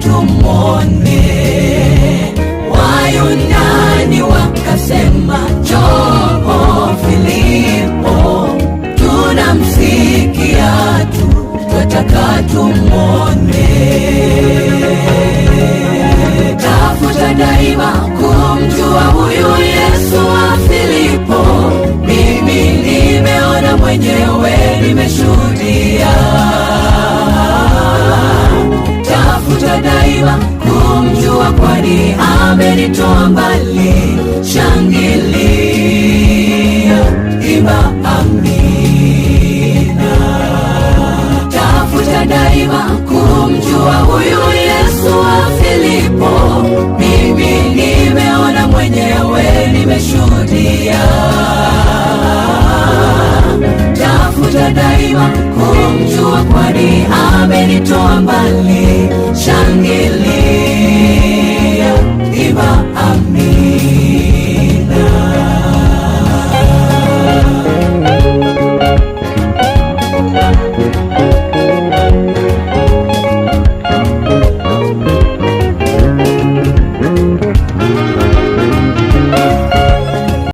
tumwone. Wayunani wakasema njoo Filipo, tunamsikia tu, twataka tumwone. Tafuta daima kumjua huyu Yesu wa Filipo, mimi nimeona mwenyewe nime uzima, kumjua kwani amenitoa mbali. Shangilia, imba amina, tafuta daima kumjua huyu Yesu wa Filipo. Mimi nimeona mwenyewe, nimeshuhudia, tafuta daima kumjua kwani amenitoa mbali. shang